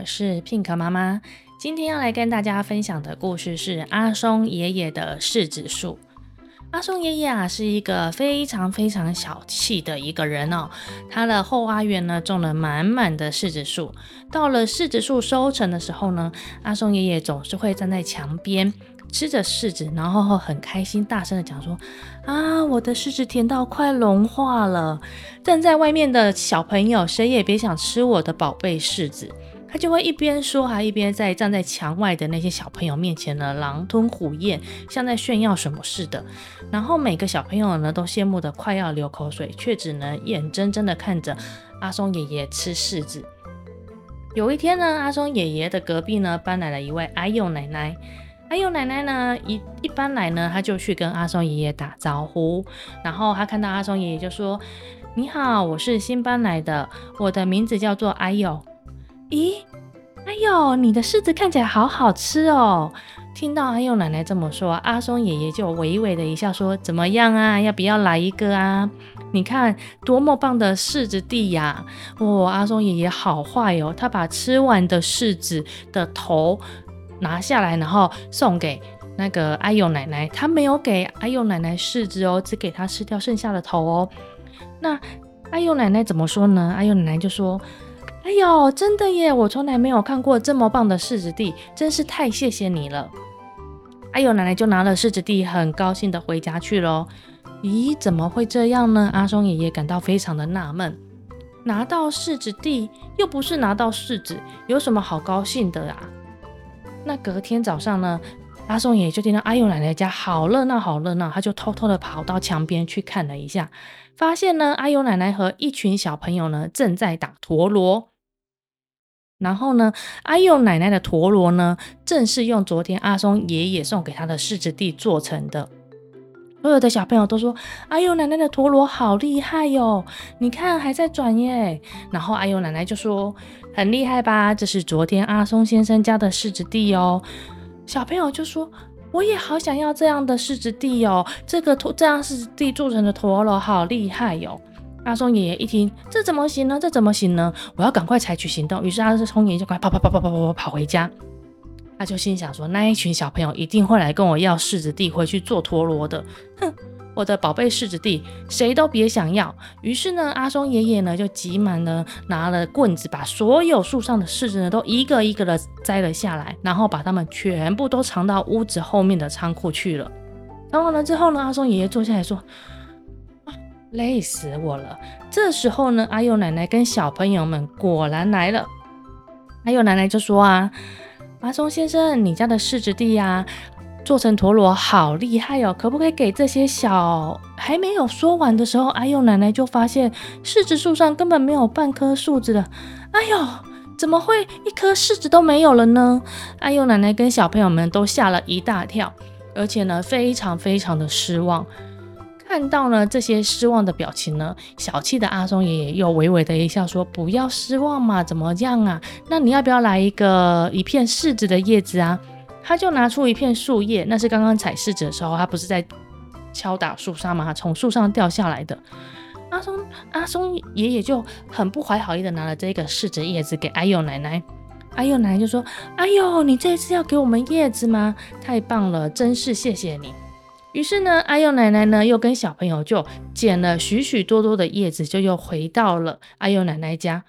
我是 Pink 媽媽，今天要來跟大家分享的故事是阿松爺爺的柿子樹。阿松爺爺啊，是一個非常非常小氣的一個人哦。他的後花園呢，種了滿滿的柿子樹。到了柿子樹收成的時候呢，阿松爺爺總是會站在牆邊，吃着柿子，然後很開心，大聲的講說：“啊，我的柿子甜到快融化了！站在外面的小朋友，誰也別想吃我的寶貝柿子。”他就會一邊說還一邊在站在牆外的那些小朋友面前呢，狼吞虎嚥，像在炫耀什麼似的。然後每個小朋友呢，都羨慕得快要流口水，卻只能眼睜睜地看着阿松爺爺吃柿子。有一天呢，阿松爺爺的隔壁呢搬來了一位唉喲奶奶。唉喲奶奶呢一一搬來呢，他就去跟阿松爺爺打招呼。然後他看到阿松爺爺就說：“你好，我是新搬來的，我的名字叫做唉喲。”咦，哎呦，你的柿子看起來好好吃哦！聽到唉喲奶奶這麼說，阿松爺爺就微微的一笑說：“怎麼樣啊？要不要來一個啊？你看多麼棒的柿子蒂呀！啊！哦，阿松爺爺好壞哦，他把吃完的柿子的頭拿下來，然後送給那個唉喲奶奶。他沒有給唉喲奶奶柿子哦，只給他吃掉剩下的頭哦。那唉喲奶奶怎麼說呢？唉喲奶奶就說。”哎呦，真的耶！我從來沒有看過這麼棒的柿子蒂，真是太謝謝你了。唉喲奶奶就拿了柿子蒂，很高興的回家去嘍。咦，怎麼會這樣呢？阿松爺爺感到非常的納悶。拿到柿子蒂，又不是拿到柿子，有什麼好高興的啊？那隔天早上呢，阿松爺爺就聽到唉喲奶奶家好熱鬧，好熱鬧，他就偷偷的跑到牆邊去看了一下，發現呢，唉喲奶奶和一群小朋友呢，正在打陀螺。然後呢，唉喲奶奶的陀螺呢，正是用昨天阿松爺爺送給他的柿子蒂做成的。所有的小朋友都說：“唉喲奶奶的陀螺好厲害喲、哦，你看還在轉耶。”然後唉喲奶奶就說：“很厲害吧？這是昨天阿松先生家的柿子蒂哦。”小朋友就說：“我也好想要這樣的柿子蒂哦，這個這樣柿子蒂做成的陀螺好厲害喲、哦。”阿松爺爺一聽，這怎麼行呢？這怎麼行呢？我要趕快採取行動。於是阿松爺爺就快跑，跑，跑，跑，跑，跑，跑回家。他就心想說：“那一群小朋友一定會來跟我要柿子蒂回去做陀螺的。”哼，我的寶貝柿子蒂，誰都別想要。於是呢，阿松爺爺呢就急忙呢拿了棍子，把所有樹上的柿子呢都一個一個的摘了下來，然後把它們全部都藏到屋子後面的倉庫去了。藏完了之後呢，阿松爺爺坐下來說。累死我了！這時候呢，唉喲奶奶跟小朋友們果然來了。唉喲奶奶就說：“啊，阿松先生，你家的柿子地呀、啊，做成陀螺好厲害哦，可不可以給這些小……還沒有說完的時候，唉喲奶奶就發現柿子樹上根本沒有半顆柿子了。哎呦，怎麼會一顆柿子都沒有了呢？唉喲奶奶跟小朋友們都嚇了一大跳，而且呢，非常非常的失望。”看到了這些失望的表情呢，小氣的阿松爺爺又微微的一笑，說：“不要失望嘛，怎麼樣啊？那你要不要來一個一片柿子的葉子啊？”他就拿出一片樹葉，那是剛剛採柿子的時候，他不是在敲打樹上嗎？從樹上掉下來的。阿松，阿松爺爺就很不懷好意的拿了這個柿子葉子給哎呦奶奶，哎呦奶奶就說：“哎呦，你這次要給我們葉子嗎？太棒了，真是謝謝你。”於是呢，唉喲奶奶呢又跟小朋友就撿了許許多多的葉子，就又回到了唉喲奶奶家。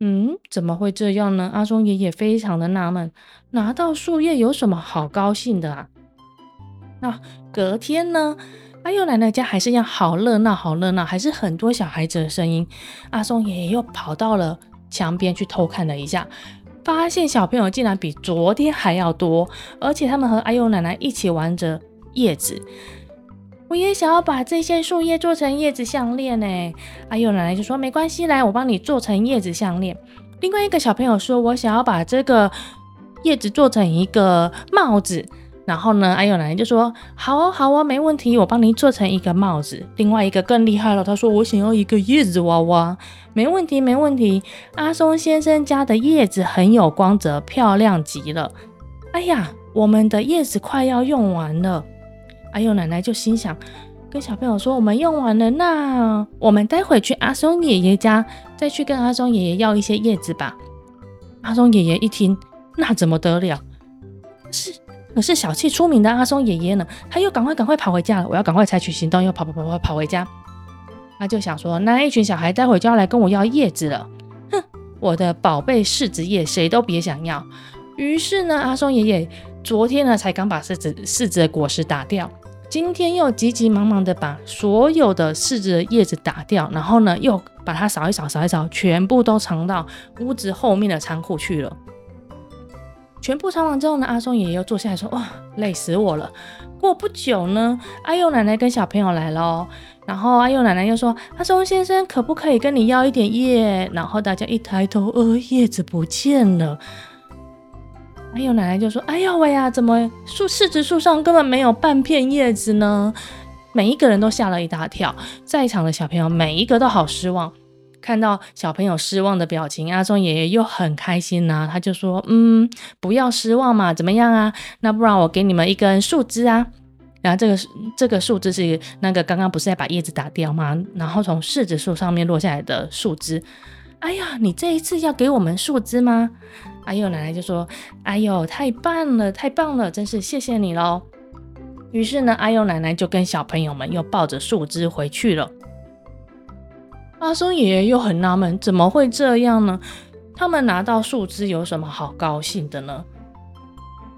嗯，怎麼會這樣呢？阿松爺爺非常的納悶。拿到樹葉有什麼好高興的啊？那隔天呢，唉喲奶奶家還是一樣好熱鬧，好熱鬧，還是很多小孩子的聲音。阿松爺爺又跑到了牆邊去偷看了一下，發現小朋友竟然比昨天還要多，而且他們和唉喲奶奶一起玩着。葉子，我也想要把這些樹葉做成葉子項鏈呢。唉喲奶奶就說：“沒關係，來，我幫你做成葉子項鏈。”另外一個小朋友說：“我想要把這個葉子做成一個帽子。”然後呢，唉喲奶奶就說：“好啊，好啊，沒問題，我幫您做成一個帽子。”另外一個更厲害了，他說：“我想要一個葉子娃娃。”沒問題，沒問題。阿松先生家的葉子很有光澤，漂亮極了。哎呀，我們的葉子快要用完了。還有唉喲奶奶就心想，跟小朋友說：“我們用完了，那我們待會去阿松爺爺家，再去跟阿松爺爺要一些葉子吧。”阿松爺爺一聽，那怎麼得了？是可是小氣出名的阿松爺爺呢？他又趕快趕快跑回家了。我要趕快採取行動，又跑跑跑跑跑回家。他就想說：“那一群小孩待會就要來跟我要葉子了，哼，我的寶貝柿子葉，誰都別想要。”於是呢，阿松爺爺昨天呢才剛把柿子柿子的果實打掉。今天又急急忙忙的把所有的柿子的葉子打掉，然後呢，又把它掃一掃，掃一掃，全部都藏到屋子後面的倉庫去了。全部藏完之後呢，阿松爺爺又坐下來說：“哇、哦，累死我了。”過不久呢，唉喲奶奶跟小朋友來了、哦，然後唉喲奶奶又說：“阿松先生，可不可以跟你要一點葉？”然後大家一抬頭，呃、哦，葉子不見了。還、哎、有奶奶就說：“哎呦喂呀、啊，怎麼樹，柿子樹上根本沒有半片葉子呢？”每一個人都嚇了一大跳，在場的小朋友每一個都好失望。看到小朋友失望的表情，阿松爺爺又很開心吶、啊，他就說：“嗯，不要失望嘛，怎麼樣啊？那不然我給你們一根樹枝啊？然後這個這個樹枝是那個剛剛不是在把葉子打掉嗎？然後從柿子樹上面落下來的樹枝。哎呀，你這一次要給我們樹枝嗎？”唉喲奶奶就說：“哎呦，太棒了，太棒了，真是謝謝你嘍！”於是呢，唉喲奶奶就跟小朋友們又抱着樹枝回去了。阿松爺爺又很納悶，怎麼會這樣呢？他們拿到樹枝有什麼好高興的呢？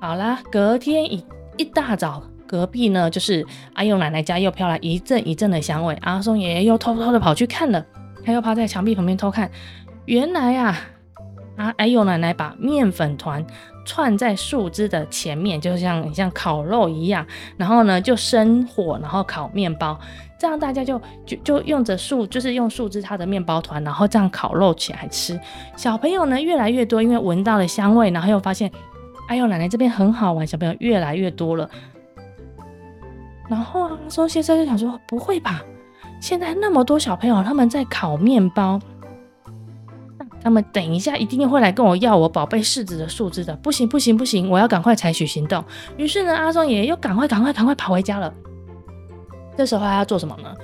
好啦，隔天一一大早，隔壁呢就是唉喲奶奶家又飄來一陣一陣的香味。阿松爺爺又偷偷的跑去看了，他又趴在牆壁旁邊偷看，原來啊。啊！哎呦，奶奶把麵粉糰串在樹枝的前面，就像像烤肉一樣，然後呢，就生火，然後烤麵包。這樣大家就就就用着樹，就是用樹枝插的麵包糰，然後這樣烤肉起來吃。小朋友呢越來越多，因為聞到了香味，然後又發現，哎呦，奶奶這邊很好玩。小朋友越來越多了。然後啊，松先生就想說：“不會吧？現在那麼多小朋友，他們在烤麵包。”他們等一下一定會來跟我要我寶貝柿子的樹枝的，不行不行不行，我要趕快採取行動。於是呢，阿松爺爺又趕快趕快趕快跑回家了。這時候還要做什麼呢？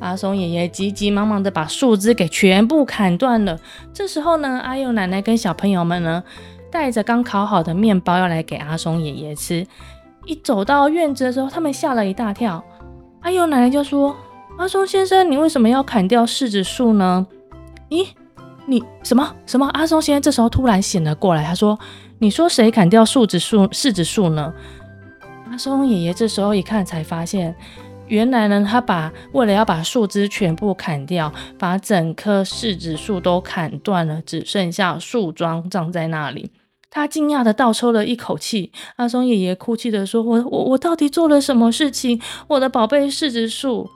阿松爺爺急急忙忙的把樹枝給全部砍斷了。這時候呢，唉喲奶奶跟小朋友們呢，帶着剛烤好的面包要來給阿松爺爺吃。一走到院子的時候，他們嚇了一大跳。唉喲奶奶就說：“阿松先生，你為什麼要砍掉柿子樹呢？”咦？你什麼什麼？阿松先生這時候突然醒了過來，他說：“你說誰砍掉樹枝樹柿子樹呢？”阿松爺爺這時候一看，才發現原來呢，他把為了要把樹枝全部砍掉，把整棵柿子樹都砍斷了，只剩下樹樁長在那裡。他驚訝地倒抽了一口氣。阿松爺爺哭泣地說：“我我我到底做了什麼事情？我的寶貝柿子樹！”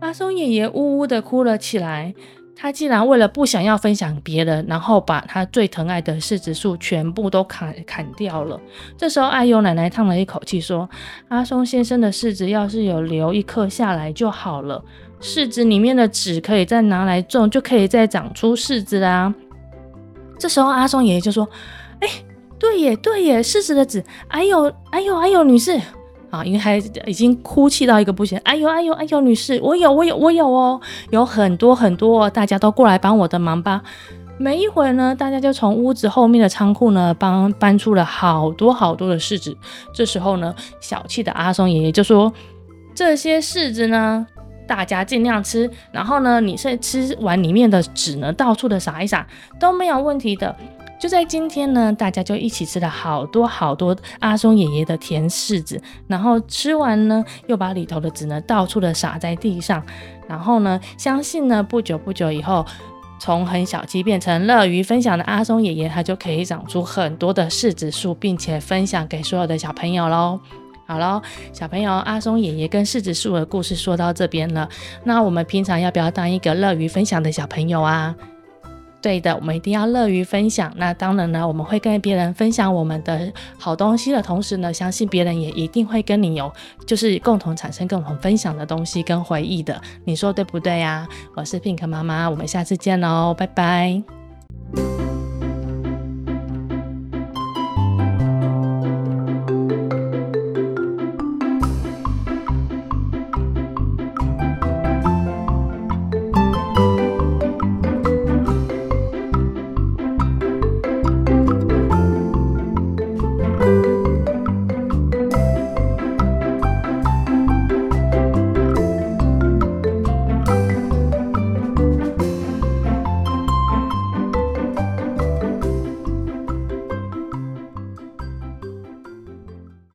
阿松爺爺嗚嗚地哭了起來。他竟然為了不想要分享別人，然後把他最疼愛的柿子樹全部都砍砍掉了。這時候，哎呦奶奶嘆了一口氣說：“阿松先生的柿子要是有留一顆下來就好了，柿子裡面的籽可以再拿來種，就可以再長出柿子啦、啊。”這時候，阿松爺爺就說：“哎，對耶，對耶，柿子的籽、哎，哎呦，哎呦，哎呦，女士。”啊，因為他已經哭泣到一個不行，哎呦哎呦哎呦，女士，我有我有我有哦，有很多很多，大家都過來幫我的忙吧。沒一會兒呢，大家就從屋子後面的倉庫呢幫搬出了好多好多的柿子。這時候呢，小氣的阿松爺爺就說：“這些柿子呢，大家儘量吃，然後呢，你是吃完裡面的籽呢，到處的撒一撒，都沒有問題的。”就在今天呢，大家就一起吃了好多好多阿松爺爺的甜柿子，然後吃完呢，又把裡頭的籽呢到處的撒在地上。然後呢，相信呢，不久不久以後，從很小氣變成樂於分享的阿松爺爺，他就可以長出很多的柿子樹，並且分享給所有的小朋友嘍。好嘍，小朋友，阿松爺爺跟柿子樹的故事說到這邊了，那我們平常要不要當一個樂於分享的小朋友啊？對的，我們一定要樂於分享。那當然呢，我們會跟別人分享我們的好東西的同時呢，相信別人也一定會跟你有就是共同產生、共同分享的東西跟回憶的。你說對不對呀？我是 Pink 媽媽，我們下次見嘍，拜拜。